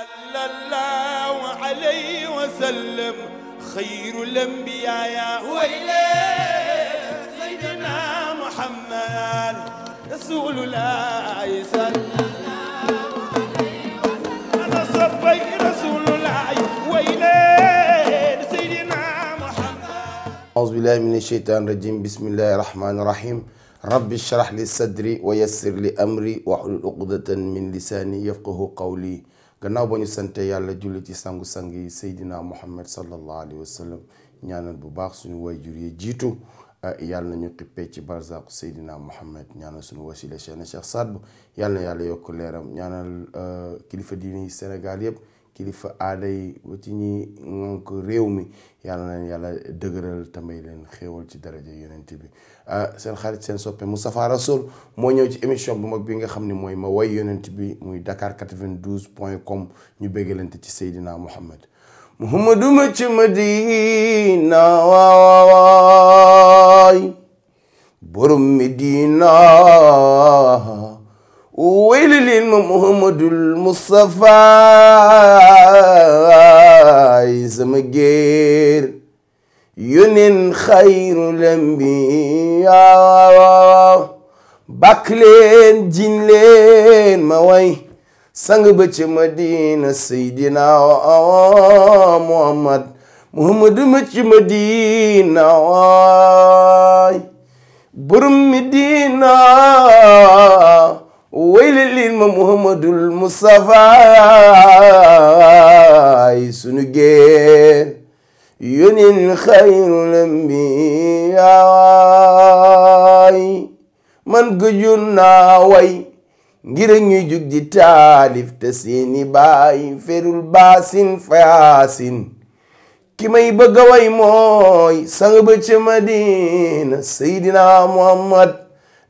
صلى الله عليه وسلم خير الأنبياء وإليه سيدنا محمد رسول الله صلى الله عليه وسلم أنا صبي رسول الله وإليه سيدنا محمد أعوذ بالله من الشيطان الرجيم بسم الله الرحمن الرحيم rabbi shrah li sadri wa yassir li amri wahlul uqdatan min lisaani yafqahu qawli gannaaw ba ñu sante yàlla julli ci sangu-sang seydina muhammad sallallahu alayhi wa ñaanal bu baax suñu way jur yi jiitu ah, yàlla na ñu xippee ci barzaaku seydina muhammad ñaanal suñu wasila cheikh na cheikh saad bu yàlla yàlla yokk leeram ñaanal ah, kilifa diini Sénégal yëpp kilifa aada yi ba ci ñi ŋànk réew mi yàlla na yàlla dëgëral te may leen xéewal ci daraja yonent bi ah, seen xarit seen mu Moustapha Rassoul moo ñëw ci émission bu mag bi nga xam ni mooy ma way yonent bi muy dakar 92 point com ñu béggalante ci Seydina Muhammad Muhammadu ma ci Madina waawaay borom Medina wayli leen ma Muhammadul Mustafa sama géer yóneen xayrul anbiya leen jiñ leen ma way sang ba ca Madina Seydina Muhammad Muhammadu ma ca Madina waay mi di muhammadul mustafa sunu géer yunin xayrul ambiyaay man gëjoon naa way ngir ñu jug di taalif te ferul baasin faasin ki may bëgg mooy sang ba ca madina seydina muhammad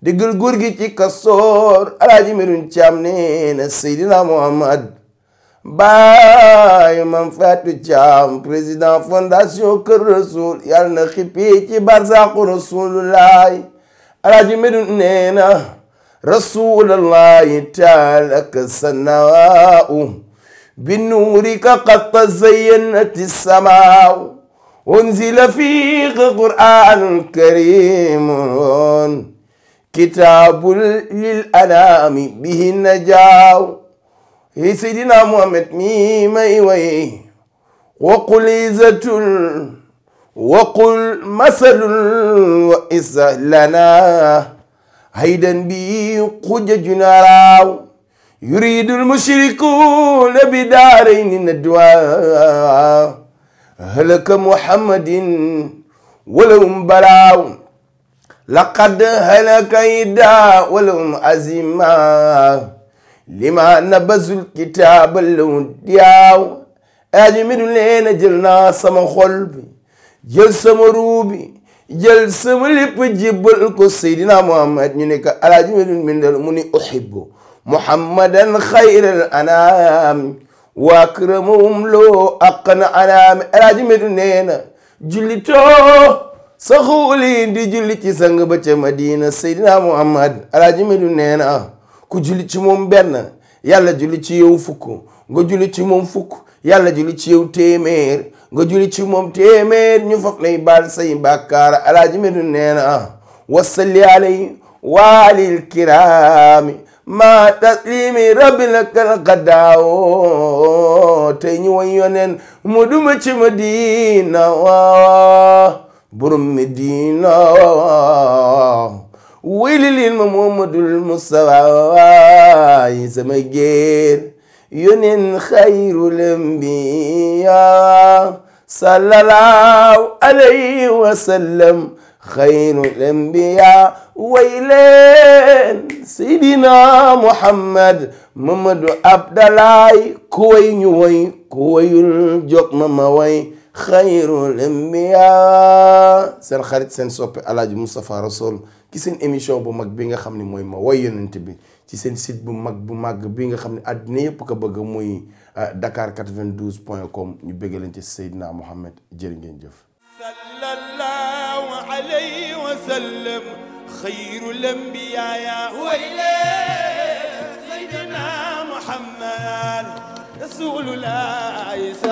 déggal góor gi ci kasoor alaaji Medoune Thiam nee na Seydina Mohamed baay Mame Fatou Thiam président fondation Kër Rasoul yàlla na xippi ci barsaaku Rasulullaay alaaji Medoune nee na Rasulullaay taalaka sannaaw bi nuurika qatta zayyanati samaaw unzila fiihi qur'aanun kariimun kitaabul lil anaami bihi najaaw yi seydina muhammad mi may way waqul izzatul waqul masalul wa isa lana haydan bi xujajun araaw yuridu lmushrikuuna bi daarayni nadwa halaka muhammadin walahum balaaw لقد هلك يدا ولهم أزيما لما نبذ الكتاب لون دياو ajamidu leen a jël naa sama xol bi jël sama ruu bi jël sama lépp jébbal ko seydina muhammad ñu ne ko alaajamidu mindal mu ni uhibbu muhammadan xayral anaam wa akramahum loo aqna anaam alaajamidu nee na jullitoo saxu lii di julli ci sang ba ca madina seydina muhammad alaaji mi du nee na ku julli ci moom benn yàlla julli ci yow fukk nga julli ci moom fukk yàlla julli ci yow téeméer nga julli ci moom téeméer ñu faf lay baal say bàkkaar alaaji mi du nee na wasalli alay waalil kiraami ma taslimi rabbi lakal xaddaawo tey ñu way yoneen mu duma ci madina waaw borom Medina wéyli leen ma Muhammadul alayhi wa sallam xayrul wayleen Seydina Muhammad Mamadou Abdalaay ku way ñu way ku wayul way xayrul anbiya seen xarit seen soppi alaaji Moustapha Rassoul ci seen émission bu mag bi nga xam ni mooy ma woy yonent bi ci seen site bu mag bu mag bi nga xam ne àddina yëpp ko bëgg muy ah, dakaar 92 point com ñu béggaleen ci Seydina Mohamed jërë ngeen jëf sallallahu alayhi wa sallam xayrul anbiya ya